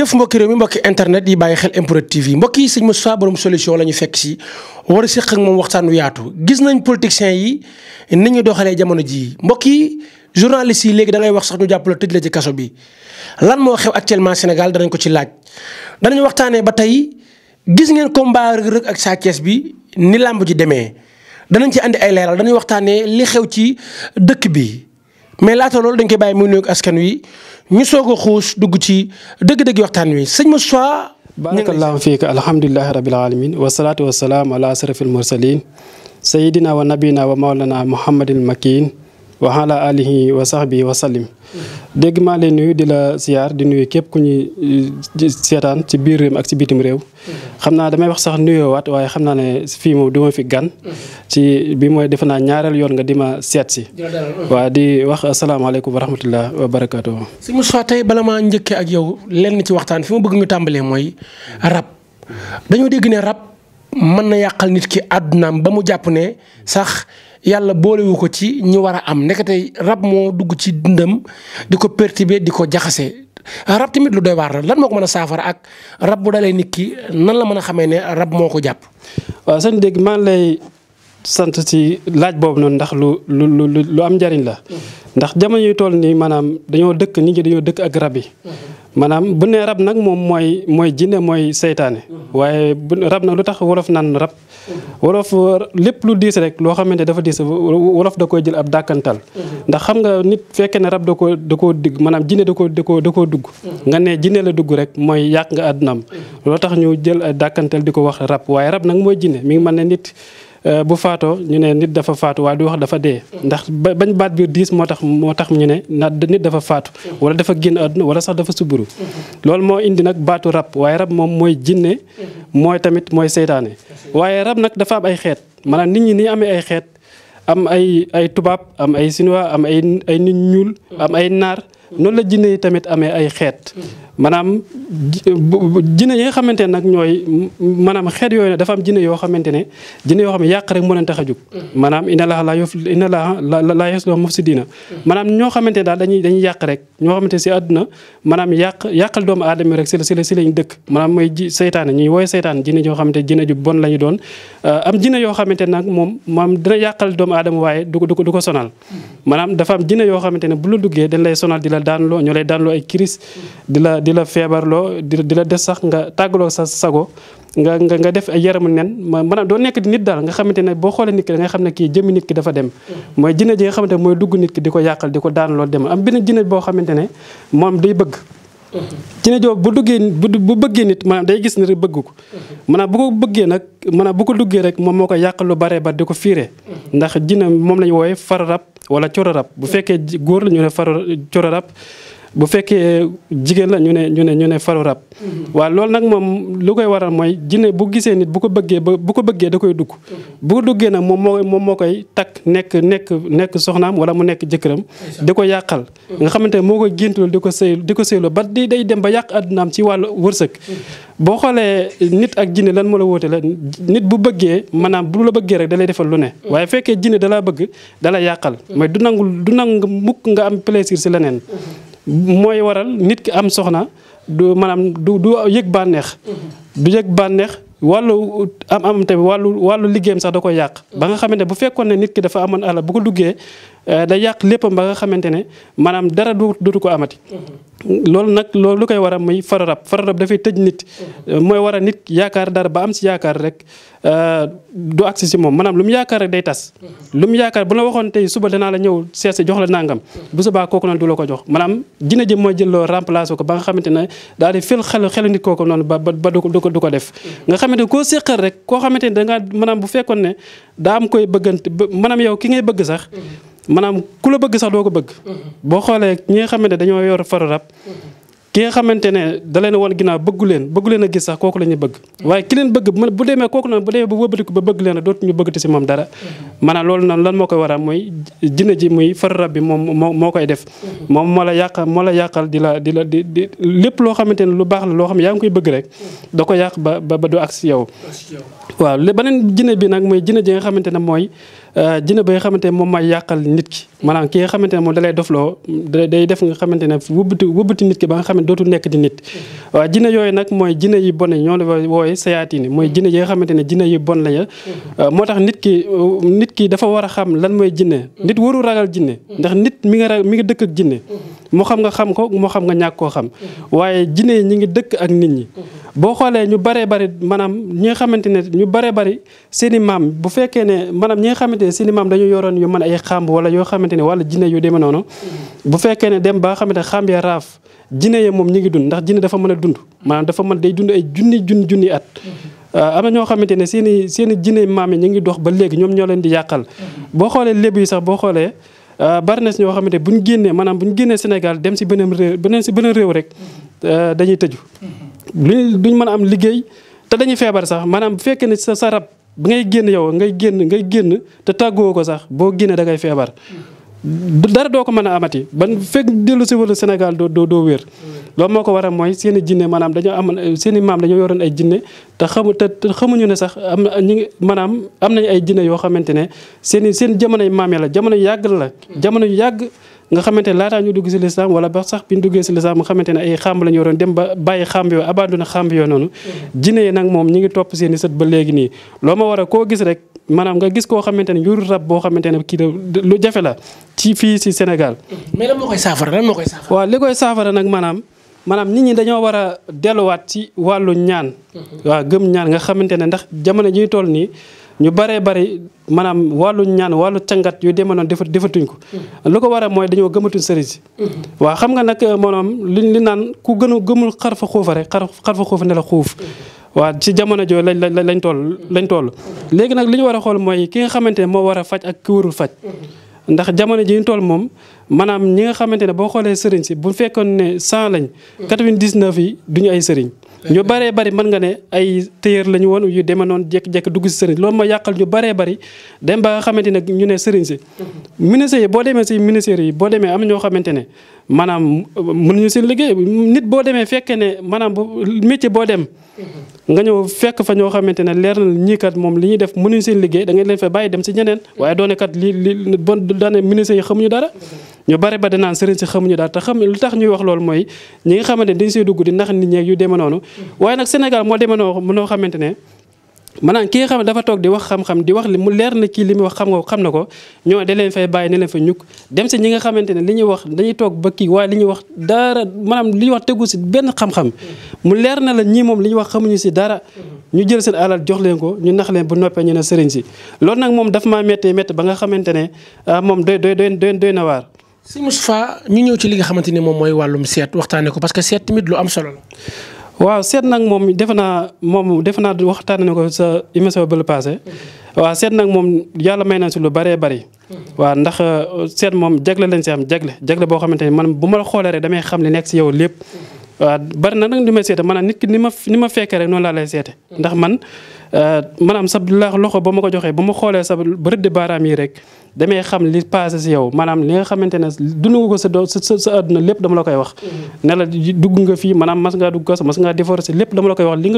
jërëjëf mbokki réew mi mbokki internet yi bàyyi xel MPROD TV mbokk yi sëñ Moustapha borom solution la ñu fekk si war a séq ak moom waxtaan wu yaatu gis nañ politiciens yi ni ñu doxalee jamono jii mbokk yi journalistes yi léegi da ngay wax sax ñu jàppale tëj la ci kaso bi. lan moo xew actuellement Sénégal danañ ko ci laaj danañ waxtaanee ba tey gis ngeen combat Reug Reug ak Sa Thiès bi ni làmb ji demee danañ ci andi ay leeral danañ waxtaanee li xew ci dëkk bi mais laata loolu dañ koy bàyyi mu askan wi. ñu soog a xuus dugg ci dëgg-dëgg waxtaan wi sëñ Moustapha. barakallahu fiik alhamdulilahi rabil alamin wasalaatu wasalaam ala asrafil mursalin sayidina wa nabina wa maolana muhammadil makin wa ala alihi wa sahbihi wa sallim dégg maa leen nuyu di siyaar di nuyu képp ku ñuy seetaan ci biir réew ak ci bitim réew xam naa damay wax sax waat waaye xam naa ne fii moom du ma fi gan ci bi mooy defe naa ñaareel yoon nga di ma seet si mm. waa di wax asalaamaaleykum wa rahmatullah wa barakaatu si Moussa tey bala maa njëkkee ak yow lenn ci waxtaan fi ma bëgg ñu tàmbalee mooy rab dañoo dégg ne rab mën na yàqal nit ki àddunaam ba mu jàpp ne sax yàlla boolewu ko ci ñi war a am ndekete rab moo dugg ci dundam di ko perturber di ko jaxase rab tamit lu doy waar la lan moo ko mën a saafara ak rab bu dalee nit ki nan la mën a xamee ne rab moo ko jàpp. waaw sëñ dégg maa lay sant si laaj boobu noonu ndax lu lu lu lu am njariñ la mm-hmm. ndax jamono yu toll nii maanaam dañoo dëkk nit ñi dañoo dëkk ak rab yi mm-hmm. maanaam bu nee rab nag moom mooy mooy jinne mooy seytaane mm-hmm. waaye rab nag lu tax wolof naan rab wolof lépp lu diis rek loo xamante dafa diis wolof da koy jël ab dàkkantal ndax xam nga nit fekkee ne rab da koo da koo digg maanaam jinne da koo da koo da koo dugg nga ne jinne la dugg rek yàq nga àddunaam loo tax ñu jël ay di ko wax rab waaye rab nag mooy jinne mi ngi mën ne nit Euh, bu faatoo ñu ne nit dafa faatu waaye du wax dafa dee ndax bañ baat biir diis moo tax moo tax ñu ne na nit dafa faatu wala dafa génn àdduna wala sax dafa suburu loolu moo indi nag baatu rab waaye rab moom mooy jinne mooy tamit mooy seytaane waaye rab nag dafa am ay xeet maanaam nit ñi ni amee ay xeet am ay ay tubaab am ay sinwaa am ay ay nit ñuul am ay naar noonu la jinne yi tamit amee ay xeet maanaam jinne yi nga xamante nag ñooy maanaam xeet yooy ne dafa am jinne yoo xamante ne jinne yoo xam ne yàq rek moo leen tax a jóg maanaam inna laa laa yof inna laa laa maanaam ñoo xamante ne daal dañuy dañuy yàq rek ñoo xamante ne si àdduna maanaam yàq yàqal doomu aadama rek si la si la si dëkk maanaam mooy ji seytaane ñuy wooy seytaane jinne yoo xamante jinne ju bon la ñu doon euh, am jinne yoo xamante ne nag moom moom dina yàqal doomu aadama waaye du ko du ko du ko sonal maanaam dafa am jinne yoo xamante ne bu la duggee dañ lay sonal di la daanloo ñoo lay daanloo ay kiris di di la feebarloo di di la des sax nga tàggaloo sa sago nga nga nga def ay yaramu nen maanaam doo nekk di nit daal nga xamante ne boo xoolee nit ki da nga xam ne kii jëmi nit ki dafa dem mooy jinne ji nga xamante ne mooy dugg di ko yàqal di ko daan loolu dem am benn jinne boo xamante ne moom day bëgg jinne joobu bu duggee bu bëggee nit maanaam day gis ne rek bëgg ko maanaam bu ko bëggee nag maanaam bu ko duggee rek moom moo ko yàqal lu baree ba di ko fiiree ndax jinne moom lañ wooye fararab wala corarab bu fekkee góor la ñu ne fara corarab bu fekkee jigéen la ñu ne ñu ne ñu ne faru rab mm-hmm. waaw loolu nag moom lu koy waral mooy jinne bu gisee nit bu ko bëggee ba bu ko bëggee da koy dugg mm-hmm. bu ko duggee nag moom moo moom moo koy takk nekk nekk nekk soxnaam wala mu nekk jëkkëram di ko yàqal mm-hmm. nga xamante ne moo koy géntulul di ko sëy di ko sëyloo ba di day dem ba yàq addunaam ci wàllu wërsëg boo xoolee nit ak jinne lan moo la wóote la nit bu bëggee maanaam bu la bëggee rek dalay defal lu ne waaye fekkee jinne dalaa bëgg dala la yàqal mooy du nangu du nangu mukk nga am plaisir si leneen mooy waral nit ki am soxna du maanaam du du yëg bànneex mhm. du yëg bànneex wàllu am am tamit wàllu wàllu liggéeyam sax da koy yàq ba nga xamante bu fekkoon ne nit ki dafa amoon alal bu ko duggee Euh, day yàq léppam ba nga xamante ne maanaam dara du dootu ko amati. Mhm. loolu nag loolu lu koy waral muy fararab fararab dafay tëj nit. Mhm. mooy waral nit yaakaar dara ba am si yaakaar rek euh, du agsi si moom maanaam lu mu yaakaar rek day tas. Mhm. lu mu yaakaar bu la waxoon tey suba danaa la ñëw seese jox la nangam. bu subaa kooku noonu du la ko jox maanaam dina ji mooy jël loo remplacé ko ba nga xamante ne daal di fil xel xelu nit kooku noonu ba ba du ko du ko def. nga xamante ne ko seqal rek koo xamante ne da ngaa maanaam bu fekkoon ne daa am koy bëggante maanaam yow ki ngay bëgg sax. maanaam ku la bëgg sax doo ko bëgg. boo xoolee ñi nga xamante dañoo yor faru rab. ki nga xamante ne da leen woon ginnaaw bëggu leen bëggu leen a gis sax kooku la ñuy bëgg waaye ki leen bëgg bu demee kooku noonu bu demee ba wëbbatiku ba bëgg leen a dootu moom dara maanaam loolu noonu lan moo koy waral mooy jinne ji muy far rab bi moom moo moo koy def moom moo la yàq moo la yàqal di la di la di di lépp loo xamante ne lu baax la loo xam ne yaa ngi koy bëgg rek da ko yàq ba ba du ak si yow waaw beneen jinne bi nag mooy jinne ji nga xamante ne mooy jinne euh, ba nga xamante ne moom mooy yàqal nit ki maanaam ki nga xamante ne moom dalay dofloo day def nga xamante ne wëbbati nit ki ba nga xam ne mm-hmm. jinne la mm-hmm. yi bon la mm-hmm. euh, moo tax nit ki nit ki dafa war a xam lan mooy jinne nit waru ragal jinne ndax nit mi nga mi nga dëkk ak jinne moo xam nga xam ko moo xam nga ñàkk koo xam waaye jinne yi ñi ngi dëkk ak nit ñi boo xoolee ñu baree bari maanaam ñi nga xamante ne ñu baree bari seen i maam bu fekkee ne maanaam ñi xamante xamante ne seen maam dañu yoroon yu mën ay xàmb wala yoo xamante ne wala jinne yu demee noonu bu fekkee ne dem ba xamante ne raaf jinne ya moom ñi ngi dund ndax jinne dafa mën a dund maanaam dafa mën day dund ay junni junni junni at euh, am na ñoo xamante ne i seen i jinne maam yi ñu ngi dox ba léegi ñoom ñoo leen di yàqal boo xoolee léb yi sax boo xoolee euh, bari na si ñoo xamante buñ génnee maanaam buñ génnee Sénégal dem si beneen réew beneen si beneen réew rek euh, dañuy tëju mm-hmm. luñ duñ mën a am liggéey te dañuy feebar sax maanaam bu fekkee ne sa sa rab ba ngay génn yow ngay génn ngay génn te tàggoo ko sax boo génnee da feebar. dara doo ko mën a amati ban fekk dellu si wala Sénégal doo doo doo wér. loolu moo ko waral mooy seen i jinne maanaam dañoo am seeni maam dañoo yoroon ay jinne te xamu te xamuñu ne sax am ñu maanaam am nañu ay jinne yoo xamante ne seen i seen jamonoy maam la jamono yàgg la jamono yàgg. nga xamante ne laataa ñu dugg si lislaam wala ba sax bi ñu duggee si lislaam nga xamante ne ay xàmb la ñu waroon dem ba bàyyi xàmb yooyu abandonné xàmb yooyu noonu mhm. jinne yi nag moom ñi ngi topp seen i sët ba léegi nii loo ma war a koo gis rek maanaam nga gis koo xamante ne njuru rab boo xamante ne kii lu jafe la ci fii si Sénégal mhm. mais lan saafara lan moo koy saafara waaw li koy saafara nag maanaam maanaam nit ñi dañoo war a delluwaat ci wàllu ñaan mhm. waa gëm ñaan nga xamante ne ndax jamono ji tool nii ñu baree bari maanaam wàllu ñaan wàllu cangat yu demee noonu defa defatuñ ko lu ko waral mooy dañoo gëmatuñ sëriñ si waaw xam nga nag maanaam li li naan ku gën a gëmul xar fa xuufa rek xar fa xuufa ne la xuuf waaw ci jamono jooju lañ lañ lañ toll lañ toll léegi nag li ñu war a xool mooy ki nga xamante ne moo war a faj ak ki warul faj ndax jamono ji ñu toll moom maanaam ñi nga xamante ne boo xoolee sëriñ si bu fekkoon ne 100 lañ 99 yi duñu ay sëriñ ñu baree bari mën nga ne ay téyër la ñu woon yu demee noonu jékki-jékki dugg si sëriñ loolu ma yàqal ñu bare bari dem ba nga xamante ne ñu ne sëriñ si mhm. ministère yi boo demee si ministère yi boo demee am ñoo xamante ne maanaam mënuñu seen liggéey nit boo demee fekkee ne maanaam métier boo dem nga ñëw fekk fa ñoo xamante ne leer na ñii kat moom li ñuy def mun mënuñu seen liggéey da ngeen leen fa bàyyi dem si ñeneen waaye doone kat li li bon daane ministre yi dara ñu bare ba danaan sëriñ si xamuñu dara te xam lu tax ñuy wax loolu mooy ñi nga xamante ne dañ siy dugg di nax nit ñeeg yu demee noonu waaye nag Sénégal moo demee noo noo xamante ne maanaam ki nga xam ne dafa toog di wax xam-xam di wax li mu leer na kii li mu wax xam nga xam na ko ñoo da leen fay bàyyi ne leen fa ñukk dem nga xamante ne li ñuy wax dañuy toog ba kii waaye wax dara maanaam li ñuy wax tegu benn xam mu leer na la ñii moom li ñuy wax xamuñu si dara ñu jël seen alal jox leen ko ñu nax leen bu noppee ñu ne sëriñ si loolu nag moom dafa ma méttee métti ba nga xamante ne ah, moom doy doy doy na waar si Moustapha ñu ñëw ci li xamante ni moom mooy wàllum seet waxtaane ko parce que seet tamit lu am solo la waaw seet nag moom defe naa moom defe naa waxtaane na ko sa émission bi la passé waaw seet nag moom yàlla may na si lu bëree bëri. waaw ndax seet moom jagle lañ si am jagle jagle boo xamante ni man bu ma xoolee rek damay xam li nekk si yow lépp. waaw bari na nag li may seete maanaam nit ki ni ma ni ma fekkee rek noonu laa lay seete ndax man euh, maanaam sa loxo ba ma ko joxee ba ma xoolee sa rëdd baaraam yi rek. damay xam li passé si yow maanaam li nga xamante ne dund nga ko sa doo sa sa lépp dama la koy wax mm-hmm. ne la dugg nga fii maanaam mas ngaa dugg kaso mas ngaa divorcé lépp dama la koy wax li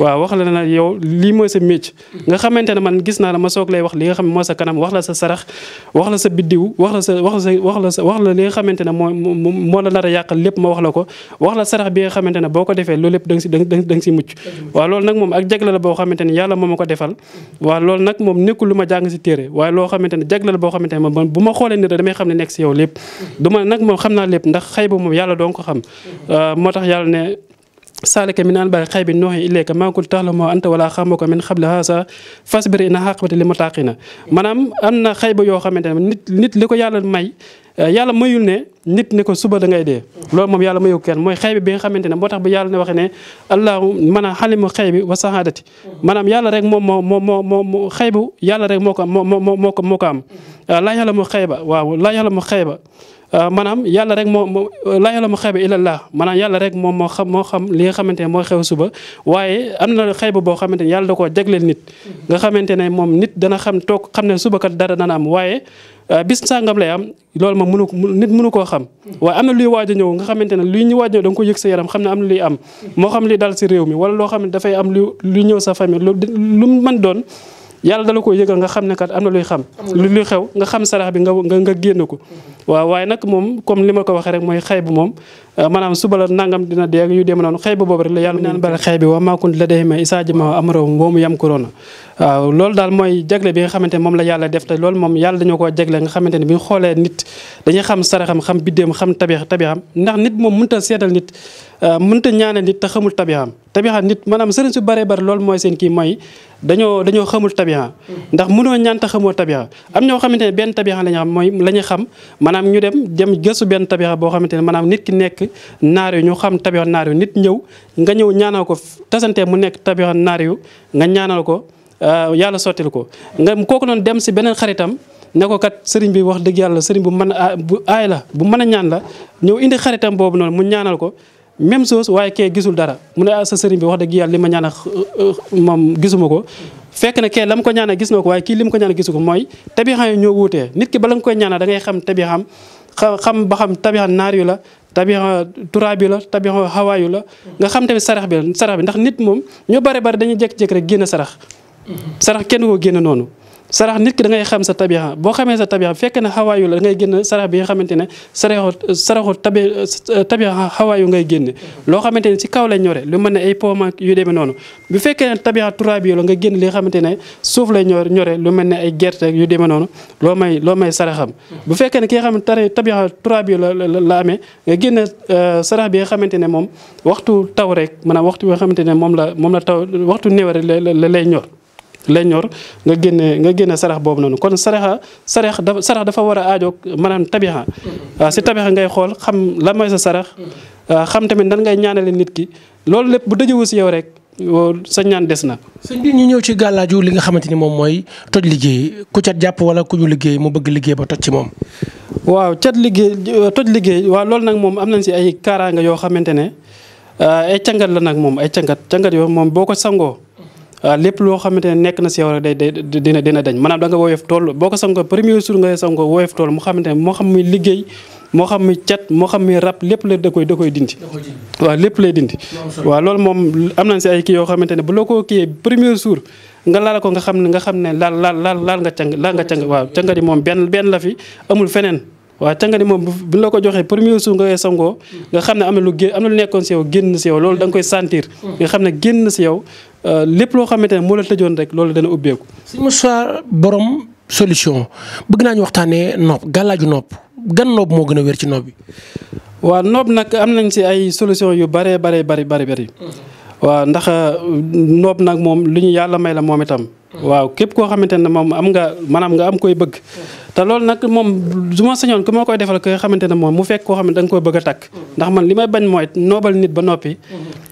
la wax la na yow lii mooy sa métier mm-hmm. nga xamante ne man gis naa la ma soog lay wax li nga xam ne mooy sa kanam wax la sa sarax wax la sa biddiw wax la wax sa wax la sa wax la li nga xamante ne moo moo la nar a yàqal lépp ma wax la ko wax la sarax bi nga xamante ne boo ko defee loolu lépp da nga si da mucc waaw loolu nag moom ak jagle boo xamante ne yàlla moo ma ko defal mm-hmm. waaw loolu nag moom nekkul lu ma jàng si téere waaye loo xamante ne jaglal boo xamante ne moom bu ma xoolee nit rek damay xam ne nekk si yow lépp du ma nag moom xam naa lépp ndax ba moom yàlla doon ko xam euh, moo tax yàlla ne saalika min anbaay xay bi nooxi ileeka maa kul tax la moo anta wala xamoo ko min xable haasa fasbir ina xaqabati li ma tàqi na na xay ba yoo xamante ne may Euh, yàlla mayul ne nit ne ko suba da ngay de loolu moom yàlla mayu ken mooy xëy bi bi nga xamante ne moo tax ba yàlla ne waxe ne allahu maanaam xalimu xëy bi wa sahaadati maanaam yàlla rek moom moo moo moo moo xëy bu yàlla rek moo ko moo moo moo ko moo am euh, laa yàlla mu xëy ba waaw laa yàlla mu xëy ba euh, maanaam yàlla rek moo laa yàlla mu xëy ba ilallah maanaam yàlla rek moom moo xam moo xam li nga xamante ne mooy xew suba waaye am na xëy ba boo xamante ne yàlla da koo jagleel nit nga xamante ne moom nit dana xam toog xam ne suba kat dara dana am waaye Euh, bis sàngam lay am loolu moom mënu ko nit mënu xam waaye am na luy waaj a ñëw nga xamante ne luy ñu waaj a ñëw da nga ko yëg sa yaram xam ne am na luy am moo xam li dal si réew mi wala loo xam ne dafay am ñëw sa famille lu mën doon yàlla dala ko yëgal nga xam ne kat am na luy xam lu luy xew nga xam sarax bi nga nga génn ko mm-hmm. waaw waaye nag moom comme li ma ko waxee rek mooy xay bu moom Euh, maanaam suba la nangam dina dee yu dem noonu xëy ba boobu rek la yàlla naan bal xëy bi wa maa kunta ladayhim iz haajamu amruhum wa hum yamkuruun waaw loolu daal mooy jagle bi nga xamante ne moom la yàlla def te loolu moom yàlla dañoo koo jagle nga xamante ne bi ñu xoolee nit dañuy xam saraxam xam biddéem xam tabix tabixam ndax nit moom mënut a seetal nit euh, mënut a ñaanal nit te xamul tabixam tabixam nit maanaam sëriñ su bare bare loolu mooy seen kii mooy dañoo dañoo xamul tabixa ndax mënoo ñaan te xamoo tabixa am ñoo la xam mooy la ñu xam maanaam ñu dem dem gëstu benn tabixa boo xamante ne maanaam nit ki nekk nekk naar yu ñu xam tabixa naar yu nit ñëw nga ñëw ñaanal ko tasante mu nekk tabixa naar yu nga ñaanal ko euh, yàlla sottil ko nga kooku noonu dem si beneen xaritam ne ko kat sëriñ bi wax dëgg yàlla sëriñ bu mën a ah, bu aay la bu mën a ñaan la ñëw indi xaritam boobu noonu mu ñaanal ko même chose waaye kee gisul dara mu ne ah, sa sëriñ bi wax dëgg yàlla li ma ñaanal euh, euh, moom gisuma ko fekk na kee la mu ko ñaanal gis na ko waaye kii li ko ñaanal gisu ko mooy tabixam yi ñoo wuutee nit ki bala nga koy ñaanal da ngay xam tabixam xam ba xam tabixam naar yu la tabixa turaa bi la tabixa xawaayu la nga xam tamit sarax bi la sarax bi ndax nit moom ñu bare bare dañuy jekk-jekk rek génn sarax mm-hmm. sarax kenn koo génn noonu sarax nit ki da ngay xam sa tabixa boo xamee sa tabixa fekk ne xawaayu la da ngay génn sarax bi nga xamante ne saraxu saraxu tabi tabixa xawaayu ngay génne loo xamante ne si kaw la ñore lu mën ne ay poma yu demee noonu bu fekkee ne tabixa turaabi la nga génn li xamante ne suuf la ñor ñore lu mel ne ay yu demee noonu loo may loo may saraxam bu fekkee ne ki nga xam ne tabixa turaabi la la amee nga génn euh, sarax bi nga xamante ne moom waxtu taw rek maanaam waxtu bi xamante ne moom la moom la taw waxtu new rek la lay ñor leñoor nga génne nga génne sarax boobu noonu kon saraxa sarax dafa sarax dafa war a aajoog manaan tabixa mm-hmm. ah, si tabixa ngay xool xam la mooy sa sarax mm-hmm. ah, xam tamit nan ngay ñaanale nit ki loolu lépp bu dëjëwu si yow rek sa ñaan des na. sëñ bi ñu ñëw ci gàllaaju li nga xamante ni moom mooy toj liggéey ku cat jàpp wala ku ñu liggéey mu bëgg liggéey ba toj ci moom. waaw cat liggéey euh, toj liggéey waaw loolu nag moom am nañ si ay kaaraanga yoo xamante ne ah, ay cangat la nag moom ay cangat cangat yoo moom boo ko sangoo Euh, lépp loo xamante ne nekk na si yow rek day day dina dina dañ maanaam da nga woyof tool boo ko sangoo premier jour nga sangoo woyof tool mu xamante ne moo xam muy liggéey moo xam muy cat moo xam muy lépp la da koy da koy dindi waaw lépp lay dindi waaw loolu moom am nañ si ay yoo xamante ne bu la koo kiyee premier jour nga laal ko nga xam ne nga xam ne laal laal laal laal nga càng laal nga càng waaw canga moom benn benn la fi amul feneen waaw canga di moom la ko joxee premier jour nga koy sangoo xam ne am na lu gé nekkoon si yow génn si yow loolu da nga koy sentir mm. nga xam ne génn si yow Euh, lépp loo xamante ne moo la tëjoon rek loolu dana ubbeeku. si Moussa borom solution bëgg naa ñu waxtaanee nopp gàllaaju nopp gan nopp moo gën a wér ci nopp bi. waaw nopp nag am nañ si ay solution yu bëree bare bari bari bëri. ndax euh, noob nag moom lu ñu yàlla may la moom itam. Mm-hmm. waaw képp koo xamante ne moom am nga maanaam nga am koy bëgg. te loolu nag moom su ma sañoon ku ma koy defal ki nga xamante ne moom mu fekk koo xam ne da nga bëgg a ndax man li may bañ mooy noobal nit ba noppi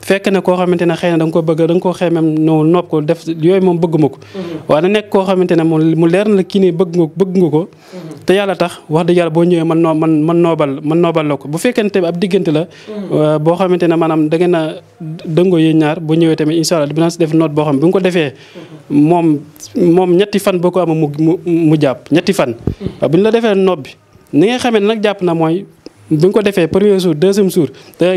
fekk ne koo xamante ne xëy na da nga ko bëgg da nga ko xëy même no noob def yooyu moom bëgg ko waaye na nekk koo xamante ne moom mu leer na la kii nii bëgg nga bëgg nga ko te yàlla tax wax dëgg yàlla boo ñëwee man noo man man noobal man noobal la ko bu fekkente ab diggante la boo xamante ne maanaam da na dëngo dëngoo ñaar boo ñëwee tamit incha allah dina si def noot boo xam bi nga ko defee moom moom ñetti fan boo ko amee mu mu jàpp ñetti fan. Hmm. bu la defee nobbi ni nga xamee nag jàpp na mooy bu ko defee premier jour deuxième jour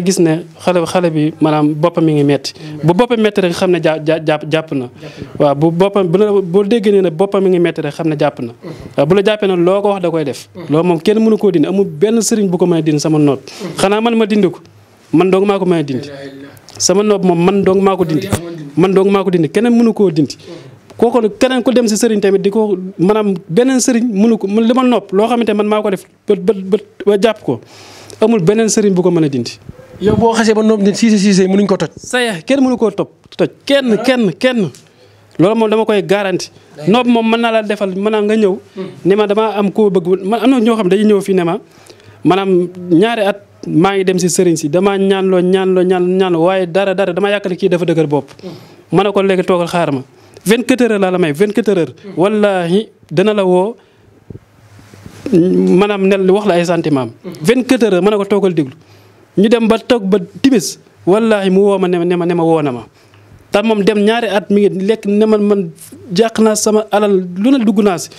gis ne xale xale bi maanaam boppam mi ngi metti hmm. bu boppam metti xam ne jaa jàpp jàpp na. waaw bu boppam bu la boo déggee ne ne boppam mi ngi metti xam ne jàpp na. Hmm. waaw bu la loo ko wax da koy def. loolu moom kenn mënu koo dindi amul benn sëriñ bu ko mën a dindi sama noot. xanaa man ma dindi ko man maa ko mën a dindi. sama noob moom man dong maa ko dindi man dong maa ko dindi keneen mënu koo dindi kooku nag keneen ku dem si sëriñ tamit di ko maanaam beneen sëriñ mënu ko li ma nopp loo xamante man maa ko def ba ba ba jàpp ko amul beneen sëriñ bu ko mën a dindi. yow boo xasee ba nopp ne siise siise mënuñ ko toj. saya kenn mënu koo topp toj kenn kenn kenn. loolu moom dama koy garanti noob moom mën naa la defal maanaam nga ñëw ne ma damaa am koo bëgg man am na ñoo xam dañuy ñëw fii ne ma maanaam ñaari at maa ngi dem si sëriñ si damaa ñaanloo ñaanloo ñaan ñaanloo waaye dara dara damaa yàkkale kii dafa dëgër bopp. ma ne ko léegi toogal xaar ma 24 heures laa la may 24 heures. wallaahi dana la woo maanaam nel wax la ay sentiment am. 24 heures mën na ko toogal déglu ñu dem ba toog ba timis wallaahi mu woo ma ne ma ne ma woo na ma. te moom dem ñaari at mi ngi lekk ne man man jàq naa sama alal lu ne dugg naa si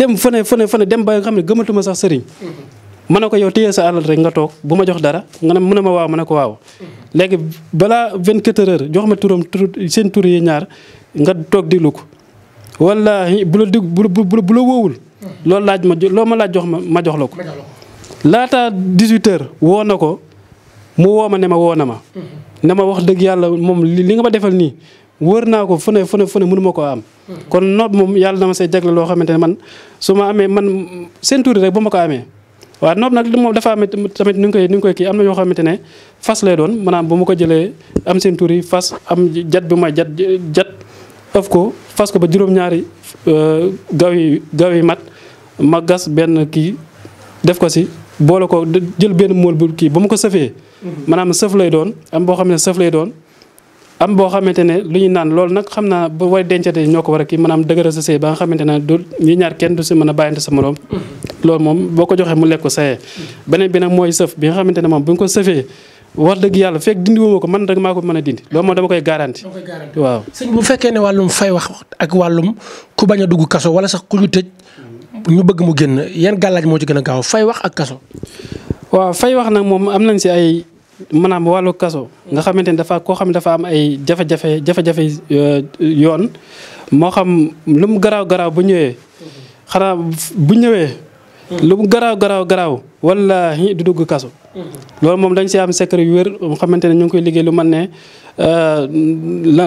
dem fëne fëne fëne dem ba nga xam ne gëmatuma sax sëriñ. man ne ko yow téye sa alal rek nga toog bu ma jox dara nga ne mu ne ma waaw ma ne ko waaw léegi balaa 24 heures jox ma turam tur seen tur yi ñaar nga toog déglu ko wallaahi la dig bu bu bu la woowul. loolu laaj ma loo ma jox ma ma jox la ko. laataa 18 heures na ko mu woo ma ne ma woo na ma. ne ma wax dëgg yàlla moom li nga ma defal nii wër naa ko fu ne fu ne fu ne mënu ma koo am. kon noot moom yàlla dama say jagle loo xamante ne man su ma amee man seen tur rek ba ma ko amee. waaw noob nag moom dafa am tamit ni nga koy ni nga koy kii am na yoo xamante ne fas lay doon maanaam bu ma ko jëlee am seen tur fas am jat bi may jat jat ko fas ko ba juróom-ñaari euh, gaw yi gaw yi mat ma gas benn kii def ko si boole ko jël benn mool bu kii ba ma ko sëfee mhm. maanaam sëf lay doon am boo xam ne sëf doon am boo xamante ne lu ñu naan lool nag xam naa bu way dencate ñoo ko war a kii maanaam dëgëral sa sëy ba nga xamante ne du ñaar kenn du si mën a bàyyante sa moroom mhm. loolu moom boo ko joxee mu lekk ko sayee beneen bi nag mooy sëf bi nga xamante ne moom bu ñu ko sëfee wax dëgg yàlla fekk dindi woo ko man rek maa ko mën a dindi loolu moom dama koy garanti waaw bu fekkee ne wàllum fay wax ak wàllum ku bañ a dugg kaso wala sax ku ñu tëj bëgg mu génn yan gàllaaj moo ci gën a gaaw fay wax ak kaso waaw fay wax nag moom am nañ si ay maanaam wàllu kaso nga xamante ne dafa koo xam ne dafa am ay jafe-jafe jafe-jafe euh, yoon moo xam lu mu garaaw garaaw bu ñëwee xanaa bu ñëwee lu mu garaaw garaaw garaaw wallaahi du dugg kaso. loolu moom dañ si am secret yu wér nga xamante ne ñu ngi koy liggéey lu man ne euh,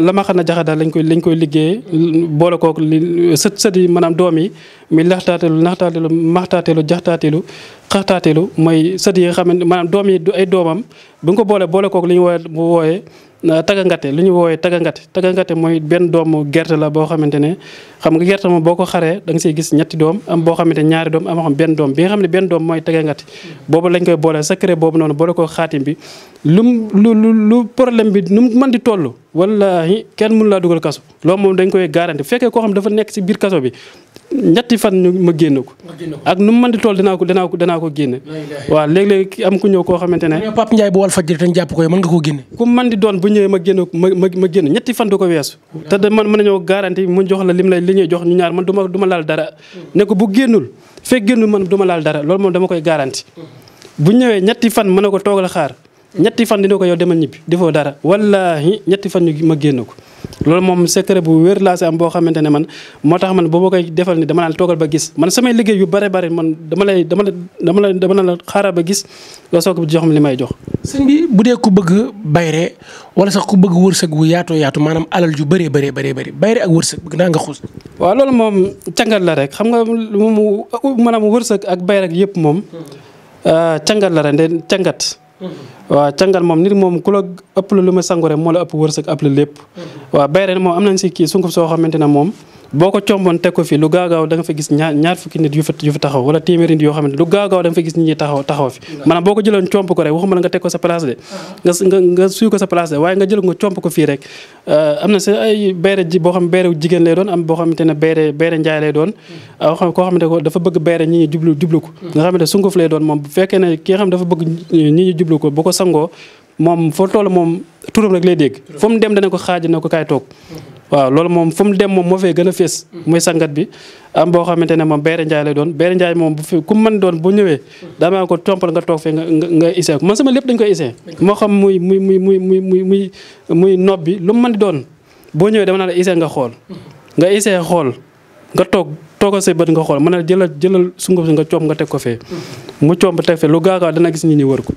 la ma xam ne jaxa daal lañ koy lañ koy liggéey boole kook li sët manaam yi maanaam doom yi mi laxtaateelu naxtaateelu maxtaateelu jaxtaateelu xaxtaateelu mooy sët yi nga xamante maanaam doom yi ay doomam bu ñu ko boole boole kook li ñu wooyee Euh, tagangate li ñu woowee tagangate tagangate mooy benn doomu gerte la boo xamante ne xam nga gerte moom boo ko xaree da nga siy gis ñetti doom am boo xamante ñaari doom am xam benn doom bi nga xam ne benn doom mooy tagangate boobu lañ koy boole secret boobu noonu boole ko xaatim bi lu lu lu problème bi nu mën di toll wallaahi kenn mun laa dugal kaso loo moom dañ koy garanti fekkee koo xam dafa nekk si biir kaso bi ñetti fan ma génn ko ak nu mu mën di tool danaa ko danaa ko danaa ko génne waaw léeg-léeg am ku ñëw koo xamante ne Pape Ndiaye bu wal fajri dañ jàpp ko yow mën nga koo génne ku mën di doon bu ñëwee ma génn ma ma ma génn ñetti fan du ko weesu te man ma du ma laal dara mm. ne ko bu génnul fekk génnul man ma laal dara loolu moom dama koy garanti mm. bu ñëwee ñetti fan mën na ko toogal xaar ñetti fan dina ko yow demal ñibbi defoo dara wallaahi ñetti fan ñu ma génn ko loolu moom secret bu wér laa si am boo xamante ne man moo tax man boobu koy defal ne dama naan toogal ba gis man samay liggéey yu bare bare man dama lay dama la dama la la xaaral ba gis nga soo a jox li may jox. sëñ bi bu dee ku bëgg bayre wala sax ku bëgg wërsëg wu yaatoo yaatu maanaam alal yu bëree bëree bëree bëri bayre ak wërsëg bëgg naa nga xuus. waaw loolu moom càngat la rek xam nga mu maanaam wërsëg ak bayre ak yëpp moom euh, càngat la rek de càngat. waaw càngal moom nit moom ku la ëpp la lu ma sangu rek moo la ëpp wërsëg ëpp la lépp mm-hmm. waaw bay moom am nañ si kii sunguf soo moom boo ko comboon teg ko fi lu gaagaaw da nga fa gis ñaar ñaar fukki nit yu fa yu fa taxaw wala téeméeri nit yoo xam ne lu gaagaaw da nga fa gis nit taxaw taxaw fi maanaam boo ko jëloon comp ko rek waxuma nga teg ko sa place de nga suy ko sa place de waaye nga jël nga comp ko fii rek uh, am boo xam beere ne beere beere njaay lay doon xam hmm. uh, koo xam ne ko dafa bëgg beere ñi ñu jublu ko hmm. nga xam ne sunguf lay doon moom bu fekkee ne ki nga xam dafa bëgg ñi ñu jublu ko bu ko sangoo moom foo toll moom turam rek lay dégg fu mu dem dana ko xaaj na ko kaay toog hmm. waaw loolu moom fu mu dem moom moo fay gën a fees muy sangat bi am boo xamante ne moom Beere Ndiaye lay doon Beere Ndiaye moom bu fi ku mën doon bu ñëwee damaa ko tompal nga toog man moo xam muy muy muy muy muy muy muy muy nob bi lu mu mën doon boo ñëwee dama naa la isee nga xool nga isee xool nga toog toogal say bët nga xool mën a jëlal jëlal sunguf si nga coomb nga teg ko fee mu coomb teg fee lu gaagaaw dana gis nit ñi wër ko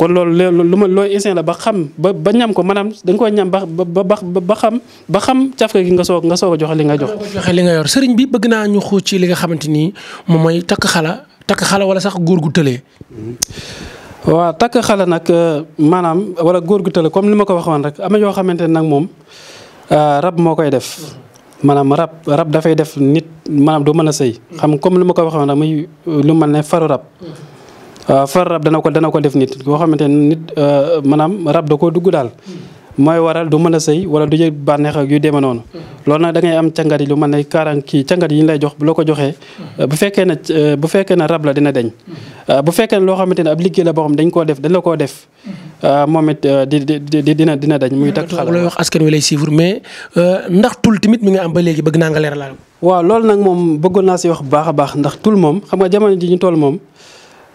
kon loolu lu ma looy instant la ba xam ba ba ñam ko maanaam da nga koy ñam ba ba ba xam ba xam cafka gi nga soog nga soog a joxe li nga jox. joxe li nga yor sëriñ bi bëgg naa ñu xuus ci li nga xamante ni moom mooy takk xala takk xala wala sax góor gu tëlee. takk xala nag euh, maanaam wala góor gu tëlee comme ni ma ko waxoon rek am na yoo xamante ne nag moom euh, rab moo koy def. maanaam rab rab dafay def nit maanaam du mën a sëy. xam comme li ma ko waxoon rek muy lu mel ne faru rab. Euh, far rab dana ko dana ko def nit boo xamante ne nit euh, maanaam rab da koo dugg daal mooy waral du mën a sëy wala du yëg bànneex ak yu demee noonu loolu nag da am cangat yi lu mën ne kaaraan kii cangat yi lay jox bu la ko joxee euh, bu fekkee ne bu fekkee ne rab la dina deñ bu fekkee ne loo xamante ne ab liggéey boo xam dañ koo def dañ koo def moom it di di dina dina dañ muy takk xala lay wax askan wi lay suivre mais ndax tul tamit mi nga am ba léegi bëgg naa nga leeralal waaw loolu nag moom bëggoon naa si wax bu baax a baax ndax tul moom xam nga jamono ji ñu toll moom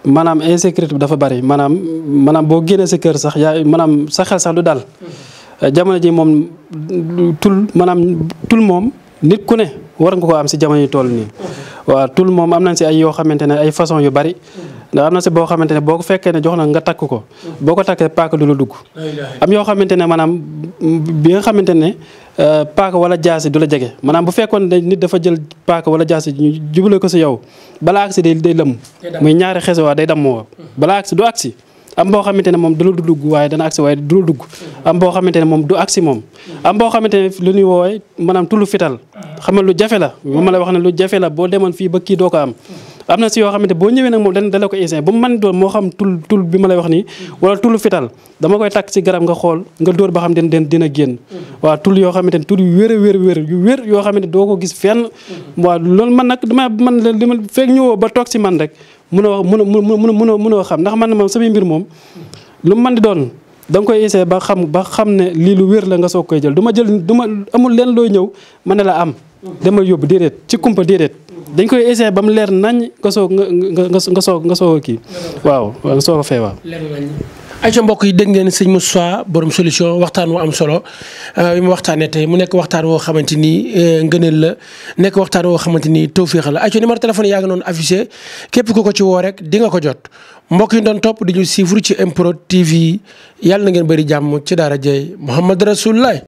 maanaam insécurité dafa bari maanaam maanaam boo génnee sa kër sax yaa maanaam sa xel sax du daal mm-hmm. jamono ji moom tul maanaam tul moom nit ku ne war nga ko am si jamono yi toll nii mm-hmm. waaw tul moom am nañ si ay yoo xamante ne ay façon yu bari mm-hmm. ndax am na si boo xamante ne boo ko fekkee ne jox na nga takk ko boo ko takkee paaka du la dugg am yoo xamante ne maanaam bi nga xamante ne Euh, paaka wala jaasi du la jege maanaam bu fekkoon nit dafa jël paaka wala jaasi ñu jubale ko si yow balaa agsi day day lëmm muy ñaari xese waa day damm waa balaa agsi du agsi am boo xamante ne moom du la du dugg waaye dana agsi waaye du la dugg am boo xamante ne moom du agsi moom am boo xamante ne lu ñuy woowee maanaam tullu fital xam lu jafe la moom la wax ne lu jafe la boo demoon fii ba kii doo ko am am na si yoo xamante boo ñëwee nag moom dañ dala ko isin bu mu mën doon moo wax nii wala tul fital dama koy tàkk si garab nga xool nga dóor ba xam den den dina génn waaw tul yoo xamante ne tul yu wér a wér wér yu wér yoo xamante doo ko gis fenn waaw loolu man nag dama man li ma fekk ñëwoo ba toog si man rek mënoo mënoo mënoo mënoo xam ndax man moom samay mbir moom lu mu mën di doon da nga koy ba xam ba xam ne lii lu wér la nga soog koy jël du ma jël du ma amul leen looy ñëw mën ne la am demal yóbbu déedéet ci kumpa déedéet dañ koy essayé ba mu leer nañ nga soog nga nga soog nga soog a kii. waaw nga soog a fee waaw. leer nañ ay ca mbokk yi dégg ngeen sëñ Moussa borom solution waxtaan wu am solo euh, bi mu waxtaanee tey mu nekk waxtaan woo xamante ni euh, ngëneel la nekk waxtaan woo xamante ni tawféex la ay ca ma téléphone yaa ngi noonu affiché képp ku ko ci woo rek di nga ko jot mbokk yi doon topp di ñu suivre ci MPROD TV yàlla na ngeen bëri jàmm ci daara jëy Mouhamed Rasulullah